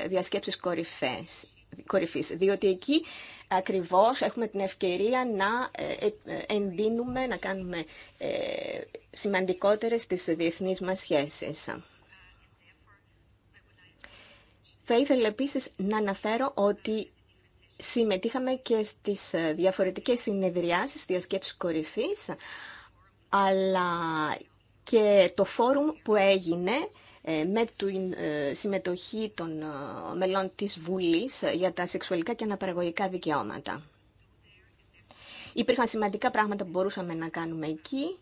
διασκέψεις κορυφές, κορυφής. Διότι εκεί ακριβώς έχουμε την ευκαιρία να εντείνουμε, να κάνουμε σημαντικότερες τις διεθνείς μας σχέσεις. Θα ήθελα επίσης να αναφέρω ότι συμμετείχαμε και στις ε, διαφορετικές συνεδριάσεις διασκέψης κορυφής, αλλά και το φόρουμ που έγινε ε, με τη ε, συμμετοχή των μελών της Βουλής για τα σεξουαλικά και αναπαραγωγικά δικαιώματα. Υπήρχαν σημαντικά πράγματα που μπορούσαμε να κάνουμε εκεί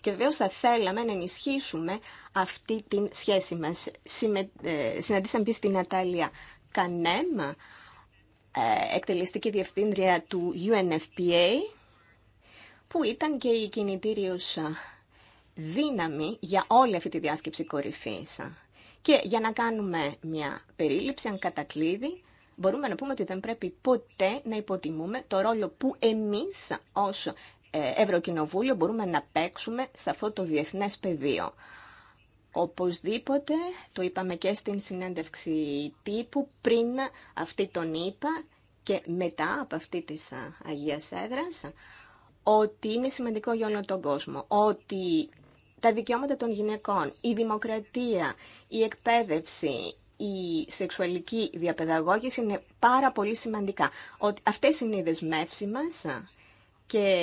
και βεβαίως θα θέλαμε να ενισχύσουμε αυτή τη σχέση μας. Συναντήσαμε επίσης την Νατάλια Κανέμ, ε, εκτελεστική διευθύντρια του UNFPA, που ήταν και η κινητήριος ε, δύναμη για όλη αυτή τη διάσκεψη κορυφής. Και για να κάνουμε μια περίληψη, αν κατακλείδει, μπορούμε να πούμε ότι δεν πρέπει ποτέ να υποτιμούμε το ρόλο που εμείς ως ε, Ευρωκοινοβούλιο μπορούμε να παίξουμε σε αυτό το διεθνές πεδίο. Οπωσδήποτε, το είπαμε και στην συνέντευξη τύπου, πριν αυτή τον είπα και μετά από αυτή της Αγίας Έδρας, ότι είναι σημαντικό για όλο τον κόσμο, ότι τα δικαιώματα των γυναικών, η δημοκρατία, η εκπαίδευση, η σεξουαλική διαπαιδαγώγηση είναι πάρα πολύ σημαντικά. Ότι αυτές είναι οι δεσμεύσεις μας και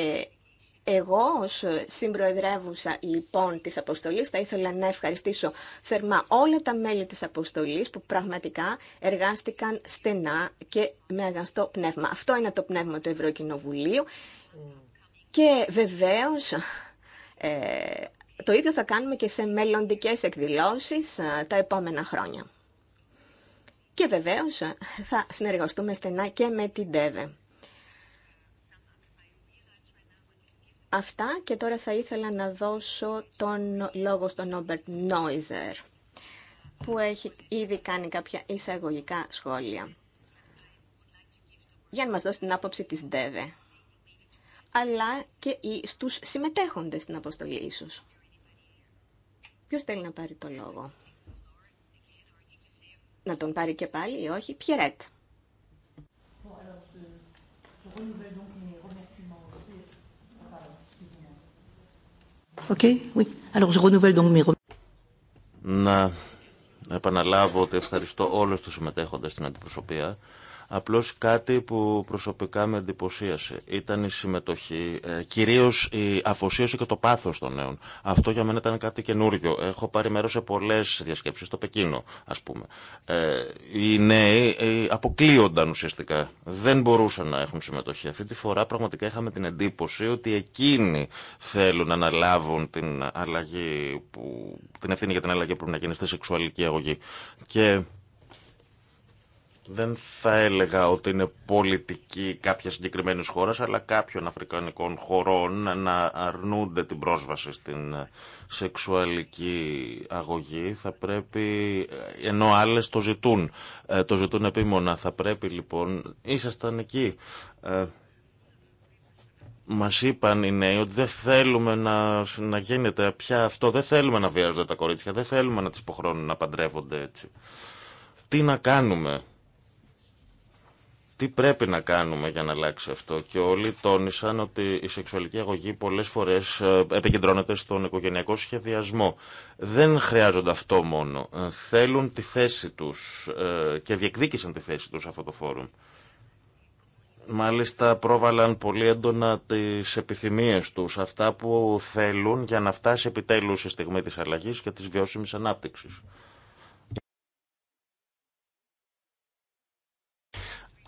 εγώ ως συμπροεδρεύουσα λοιπόν της αποστολής θα ήθελα να ευχαριστήσω θερμά όλα τα μέλη της αποστολής που πραγματικά εργάστηκαν στενά και με αγαστό πνεύμα. Αυτό είναι το πνεύμα του Ευρωκοινοβουλίου και βεβαίως ε, το ίδιο θα κάνουμε και σε μελλοντικές εκδηλώσεις ε, τα επόμενα χρόνια. Και βεβαίως ε, θα συνεργαστούμε στενά και με την ΤΕΒΕ. Αυτά και τώρα θα ήθελα να δώσω τον λόγο στον Όμπερτ Νόιζερ που έχει ήδη κάνει κάποια εισαγωγικά σχόλια για να μας δώσει την άποψη της ΔΕΒΕ αλλά και στους συμμετέχοντες στην αποστολή ίσως. Ποιος θέλει να πάρει το λόγο. Να τον πάρει και πάλι ή όχι. Πιερέτ. Να επαναλάβω ότι ευχαριστώ όλους τους συμμετέχοντες στην αντιπροσωπεία Απλώς κάτι που προσωπικά με εντυπωσίασε ήταν η συμμετοχή, ε, κυρίως η αφοσίωση και το πάθος των νέων. Αυτό για μένα ήταν κάτι καινούριο. Έχω πάρει μέρος σε πολλές διασκέψεις, στο Πεκίνο ας πούμε. Ε, οι νέοι ε, αποκλείονταν ουσιαστικά, δεν μπορούσαν να έχουν συμμετοχή. Αυτή τη φορά πραγματικά είχαμε την εντύπωση ότι εκείνοι θέλουν να αναλάβουν την, αλλαγή που, την ευθύνη για την αλλαγή που πρέπει να γίνει στη σεξουαλική αγωγή. Και δεν θα έλεγα ότι είναι πολιτική κάποια συγκεκριμένη χώρα, αλλά κάποιων αφρικανικών χωρών να αρνούνται την πρόσβαση στην σεξουαλική αγωγή. Θα πρέπει, ενώ άλλες το ζητούν, ε, το ζητούν επίμονα. Θα πρέπει λοιπόν, ήσασταν εκεί. Ε, Μα είπαν οι νέοι ότι δεν θέλουμε να, να γίνεται πια αυτό, δεν θέλουμε να βιάζονται τα κορίτσια, δεν θέλουμε να τι υποχρώνουν να παντρεύονται έτσι. Τι να κάνουμε, τι πρέπει να κάνουμε για να αλλάξει αυτό. Και όλοι τόνισαν ότι η σεξουαλική αγωγή πολλές φορές ε, επικεντρώνεται στον οικογενειακό σχεδιασμό. Δεν χρειάζονται αυτό μόνο. Ε, θέλουν τη θέση τους ε, και διεκδίκησαν τη θέση τους αυτό το φόρουμ. Μάλιστα πρόβαλαν πολύ έντονα τις επιθυμίες τους, αυτά που θέλουν για να φτάσει επιτέλους η στιγμή της αλλαγής και της βιώσιμης ανάπτυξης.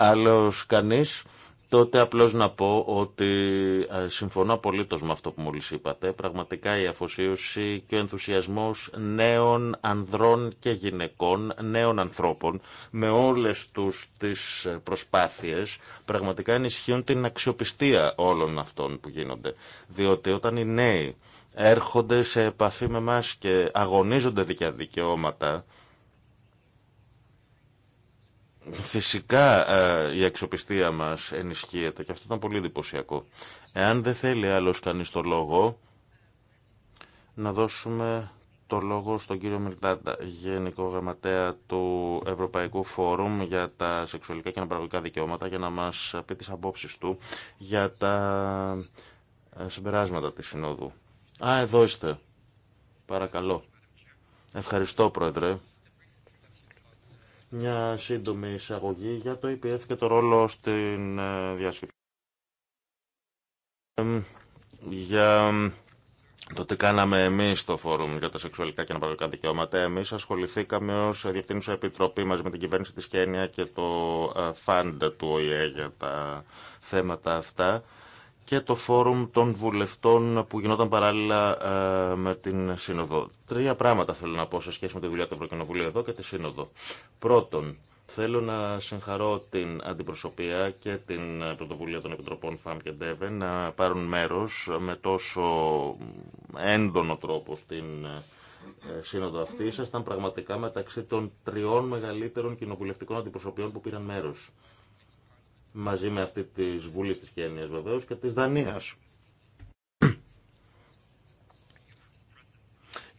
άλλος κανείς, τότε απλώς να πω ότι ε, συμφωνώ απολύτως με αυτό που μόλις είπατε. Πραγματικά η αφοσίωση και ο ενθουσιασμός νέων ανδρών και γυναικών, νέων ανθρώπων, με όλες τους τις προσπάθειες, πραγματικά ενισχύουν την αξιοπιστία όλων αυτών που γίνονται. Διότι όταν οι νέοι έρχονται σε επαφή με μας και αγωνίζονται δικαιώματα, Φυσικά ε, η αξιοπιστία μας ενισχύεται και αυτό ήταν πολύ εντυπωσιακό. Εάν δεν θέλει άλλος κανείς το λόγο, να δώσουμε το λόγο στον κύριο Μιλτάντα, Γενικό Γραμματέα του Ευρωπαϊκού Φόρουμ για τα σεξουαλικά και αναπαραγωγικά δικαιώματα, για να μας πει τις απόψεις του για τα ε, συμπεράσματα της Συνόδου. Α, εδώ είστε. Παρακαλώ. Ευχαριστώ, Πρόεδρε. Μια σύντομη εισαγωγή για το EPF και το ρόλο στην ε, διάσκεψη. Για το τι κάναμε εμείς στο Φόρουμ για τα Σεξουαλικά και Αναπαραγωγικά Δικαιώματα. εμείς ασχοληθήκαμε ως Διευθύνουσα Επιτροπή μαζί με την κυβέρνηση της Κένια και το Φάντα ε, του ΟΗΕ για τα θέματα αυτά και το φόρουμ των βουλευτών που γινόταν παράλληλα ε, με την Σύνοδο. Τρία πράγματα θέλω να πω σε σχέση με τη δουλειά του Ευρωκοινοβουλίου εδώ και τη Σύνοδο. Πρώτον, Θέλω να συγχαρώ την αντιπροσωπεία και την πρωτοβουλία των Επιτροπών ΦΑΜ και ΝΤΕΒΕ να πάρουν μέρος με τόσο έντονο τρόπο στην ε, σύνοδο αυτή. Ήσασταν πραγματικά μεταξύ των τριών μεγαλύτερων κοινοβουλευτικών αντιπροσωπιών που πήραν μέρος μαζί με αυτή τη βουλή τη Κένια βεβαίω και τη Δανία.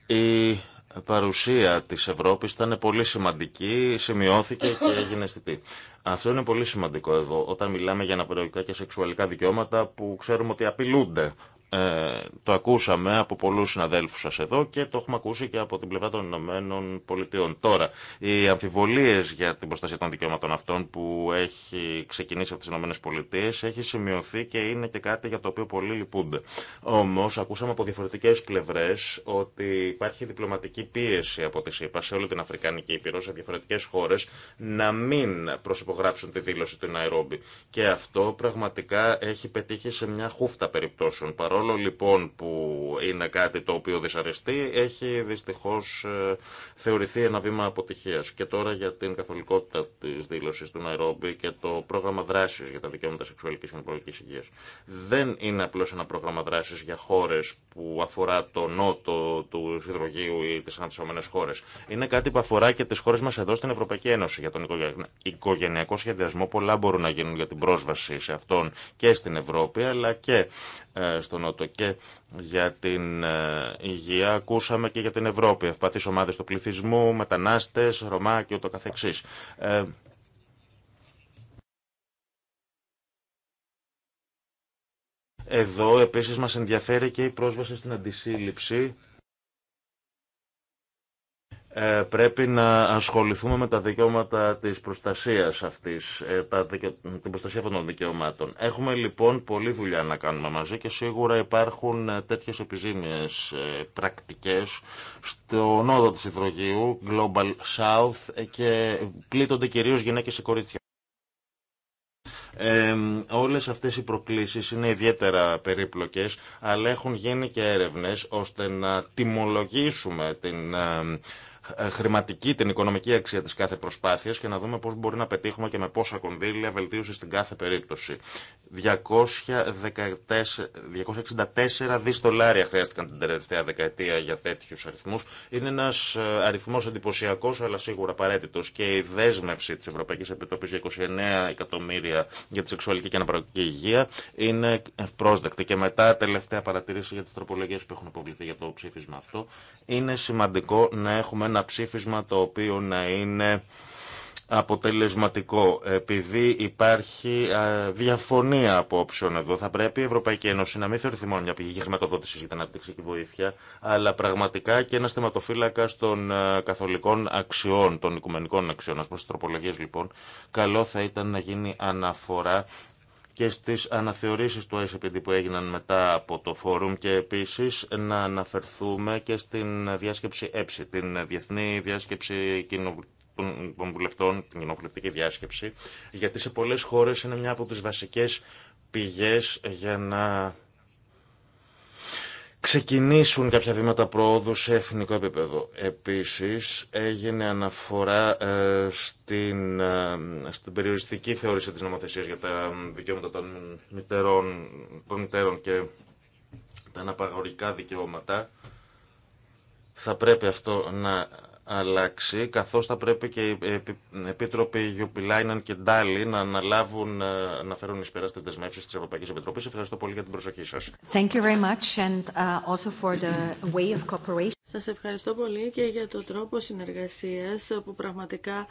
Η παρουσία της Ευρώπης ήταν πολύ σημαντική, σημειώθηκε και έγινε αισθητή. Αυτό είναι πολύ σημαντικό εδώ, όταν μιλάμε για αναπαραγωγικά και σεξουαλικά δικαιώματα που ξέρουμε ότι απειλούνται ε, το ακούσαμε από πολλούς συναδέλφους σας εδώ και το έχουμε ακούσει και από την πλευρά των Ηνωμένων Πολιτειών. Τώρα, οι αμφιβολίες για την προστασία των δικαιωμάτων αυτών που έχει ξεκινήσει από τις Ηνωμένες Πολιτείες έχει σημειωθεί και είναι και κάτι για το οποίο πολλοί λυπούνται. Όμως, ακούσαμε από διαφορετικές πλευρές ότι υπάρχει διπλωματική πίεση από τη ΣΥΠΑ σε όλη την Αφρικανική Ήπειρο, σε διαφορετικές χώρες, να μην προσυπογράψουν τη δήλωση του Ναϊρόμπι. Και αυτό πραγματικά έχει πετύχει σε μια χούφτα περιπτώσεων, Όλο λοιπόν που είναι κάτι το οποίο δυσαρεστεί, έχει δυστυχώς ε, θεωρηθεί ένα βήμα αποτυχίας. Και τώρα για την καθολικότητα της δήλωσης του Ναϊρόμπι και το πρόγραμμα δράσης για τα δικαιώματα σεξουαλικής και αναπολικής υγείας. Δεν είναι απλώς ένα πρόγραμμα δράσης για χώρες που αφορά το νότο του υδρογείου ή τις αναπτυσσόμενες χώρες. Είναι κάτι που αφορά και τις χώρες μας εδώ στην Ευρωπαϊκή Ένωση. Για τον οικογενειακό σχεδιασμό πολλά μπορούν να γίνουν για την πρόσβαση σε αυτόν και στην Ευρώπη, αλλά και ε, στο Νότο και για την ε, υγεία. Ακούσαμε και για την Ευρώπη, ευπαθείς ομάδες του πληθυσμού, μετανάστες, Ρωμά και ούτω καθεξής. Ε, εδώ επίσης μας ενδιαφέρει και η πρόσβαση στην αντισύλληψη ε, πρέπει να ασχοληθούμε με τα δικαιώματα της προστασίας αυτής, ε, τα δικαι... την προστασία αυτών των δικαιωμάτων. Έχουμε λοιπόν πολλή δουλειά να κάνουμε μαζί και σίγουρα υπάρχουν ε, τέτοιες επιζήμιες πρακτικές στο νόδο της Ιδρογείου, Global South και πλήττονται κυρίως γυναίκες και κορίτσια. Ε, όλες αυτές οι προκλήσεις είναι ιδιαίτερα περίπλοκες, αλλά έχουν γίνει και έρευνες ώστε να τιμολογήσουμε την ε, χρηματική, την οικονομική αξία τη κάθε προσπάθεια και να δούμε πώ μπορεί να πετύχουμε και με πόσα κονδύλια βελτίωση στην κάθε περίπτωση. 264 δις δολάρια χρειάστηκαν την τελευταία δεκαετία για τέτοιου αριθμού. Είναι ένα ε, αριθμό εντυπωσιακό, αλλά σίγουρα απαραίτητο. Και η δέσμευση τη Ευρωπαϊκή Επιτροπή για 29 εκατομμύρια για τη σεξουαλική και αναπαραγωγική υγεία είναι ευπρόσδεκτη. Και μετά, τελευταία παρατήρηση για τι τροπολογίε που έχουν αποβληθεί για το ψήφισμα αυτό. Είναι σημαντικό να έχουμε ένα ψήφισμα το οποίο να είναι αποτελεσματικό. Επειδή υπάρχει ε, διαφωνία απόψεων εδώ, θα πρέπει η Ευρωπαϊκή Ένωση να μην θεωρηθεί μόνο μια πηγή χρηματοδότηση για την και βοήθεια, αλλά πραγματικά και ένα θεματοφύλακα των ε, καθολικών αξιών, των οικουμενικών αξιών. Ας πούμε, στις τροπολογίες λοιπόν, καλό θα ήταν να γίνει αναφορά και στις αναθεωρήσεις του ICPD που έγιναν μετά από το φόρουμ και επίσης να αναφερθούμε και στην διάσκεψη ΕΨΗ, την Διεθνή Διάσκεψη των Βουλευτών, την Κοινοβουλευτική Διάσκεψη, γιατί σε πολλές χώρες είναι μια από τις βασικές πηγές για να ξεκινήσουν κάποια βήματα πρόοδου σε εθνικό επίπεδο. Επίσης, έγινε αναφορά ε, στην, ε, στην περιοριστική θεώρηση της νομοθεσίας για τα δικαιώματα των μητέρων, των μητέρων και τα αναπαραγωγικά δικαιώματα. Θα πρέπει αυτό να αλλάξει, καθώς θα πρέπει και οι επίτροποι Γιουπιλάιναν και Ντάλι να αναλάβουν, ε, να φέρουν εις πέρα στις δεσμεύσεις της Ευρωπαϊκής Επιτροπής. Ευχαριστώ πολύ για την προσοχή σας. Thank you very much and uh, also for the way of cooperation. Σας ευχαριστώ πολύ και για το τρόπο συνεργασίας που πραγματικά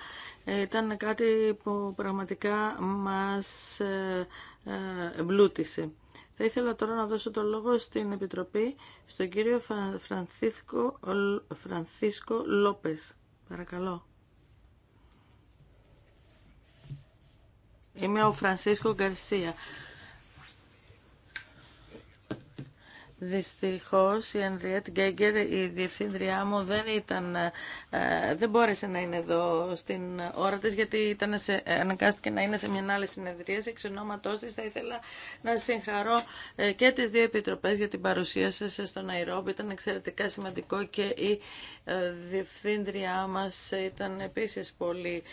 ε, ήταν κάτι που πραγματικά μας ε, εμπλούτησε. Θα ήθελα τώρα να δώσω το λόγο στην Επιτροπή, στον κύριο Φρανθίσκο, Φρανθίσκο Λόπες. Παρακαλώ. Είμαι ο Φρανσίσκο Γκαρσία. Δυστυχώς η Ανδριέτ Γκέγκερ, η διευθύντριά μου, δεν, ήταν, ε, δεν μπόρεσε να είναι εδώ στην ώρα της γιατί ήταν σε, ε, αναγκάστηκε να είναι σε μια άλλη συνεδρία. σε ξενόματός της θα ήθελα να συγχαρώ ε, και τις δύο επιτροπές για την παρουσία σας στον Αϊρόμπ. Ήταν εξαιρετικά σημαντικό και η διευθύντριά μας ήταν επίσης πολύ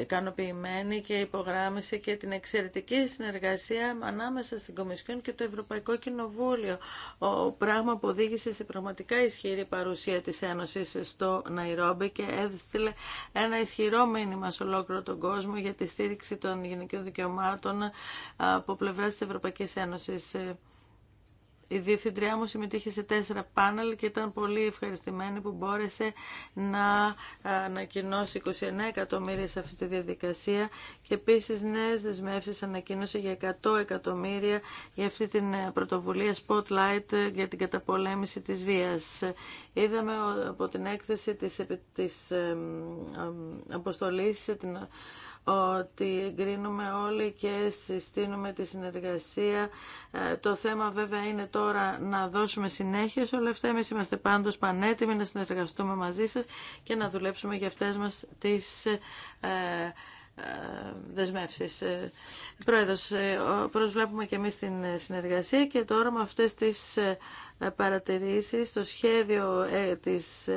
ικανοποιημένη και υπογράμμισε και την εξαιρετική συνεργασία ανάμεσα στην Κομισιόν και το Ευρωπαϊκό Κοινοβούλιο ο πράγμα που οδήγησε σε πραγματικά ισχυρή παρουσία της Ένωσης στο Ναϊρόμπι και έστειλε ένα ισχυρό μήνυμα σε ολόκληρο τον κόσμο για τη στήριξη των γενικών δικαιωμάτων από πλευράς της Ευρωπαϊκής Ένωσης. Η διευθυντριά μου συμμετείχε σε τέσσερα πάνελ και ήταν πολύ ευχαριστημένη που μπόρεσε να ανακοινώσει 29 εκατομμύρια σε αυτή τη διαδικασία και επίσης νέες δεσμεύσεις ανακοίνωσε για 100 εκατομμύρια για αυτή την ε, πρωτοβουλία Spotlight ε, για την καταπολέμηση της βίας. Είδαμε ε, από την έκθεση της, της αποστολής την ότι εγκρίνουμε όλοι και συστήνουμε τη συνεργασία. Ε, το θέμα βέβαια είναι τώρα να δώσουμε συνέχεια σε όλα αυτά. Εμείς είμαστε πάντως πανέτοιμοι να συνεργαστούμε μαζί σας και να δουλέψουμε για αυτές μας τις ε, ε, δεσμεύσεις. Πρόεδρος, προσβλέπουμε και εμείς την συνεργασία και τώρα με αυτές τις παρατηρήσεις, το σχέδιο της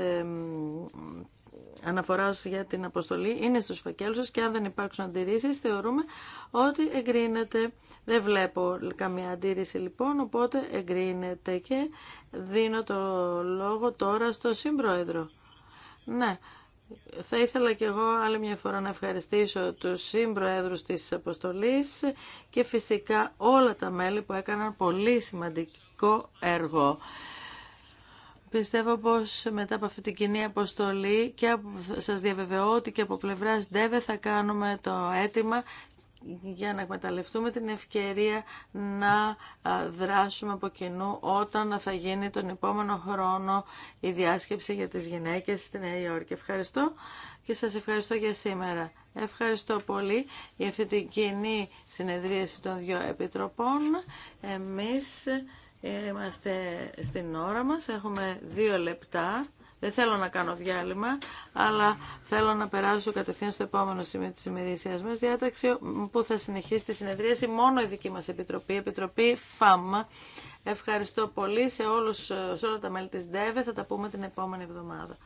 αναφοράς για την αποστολή είναι στους φακέλους σας και αν δεν υπάρξουν αντιρρήσεις θεωρούμε ότι εγκρίνεται. Δεν βλέπω καμία αντίρρηση λοιπόν, οπότε εγκρίνεται και δίνω το λόγο τώρα στο Συμπρόεδρο. Ναι. Θα ήθελα και εγώ άλλη μια φορά να ευχαριστήσω του συμπροέδρους της αποστολής και φυσικά όλα τα μέλη που έκαναν πολύ σημαντικό έργο. Πιστεύω πως μετά από αυτή την κοινή αποστολή και σας διαβεβαιώ ότι και από πλευράς ΔΕΒΕ θα κάνουμε το αίτημα για να εκμεταλλευτούμε την ευκαιρία να δράσουμε από κοινού όταν θα γίνει τον επόμενο χρόνο η διάσκεψη για τις γυναίκες στη Νέα Υόρκη. Ευχαριστώ και σας ευχαριστώ για σήμερα. Ευχαριστώ πολύ για αυτή την κοινή συνεδρίαση των δύο επιτροπών. Εμείς Είμαστε στην ώρα μας, έχουμε δύο λεπτά. Δεν θέλω να κάνω διάλειμμα, αλλά θέλω να περάσω κατευθείαν στο επόμενο σημείο της ημερήσιας μας διάταξη που θα συνεχίσει τη συνεδρίαση μόνο η δική μας Επιτροπή, Επιτροπή ΦΑΜ. Ευχαριστώ πολύ σε, όλους, σε όλα τα μέλη της ΔΕΒΕ. Θα τα πούμε την επόμενη εβδομάδα.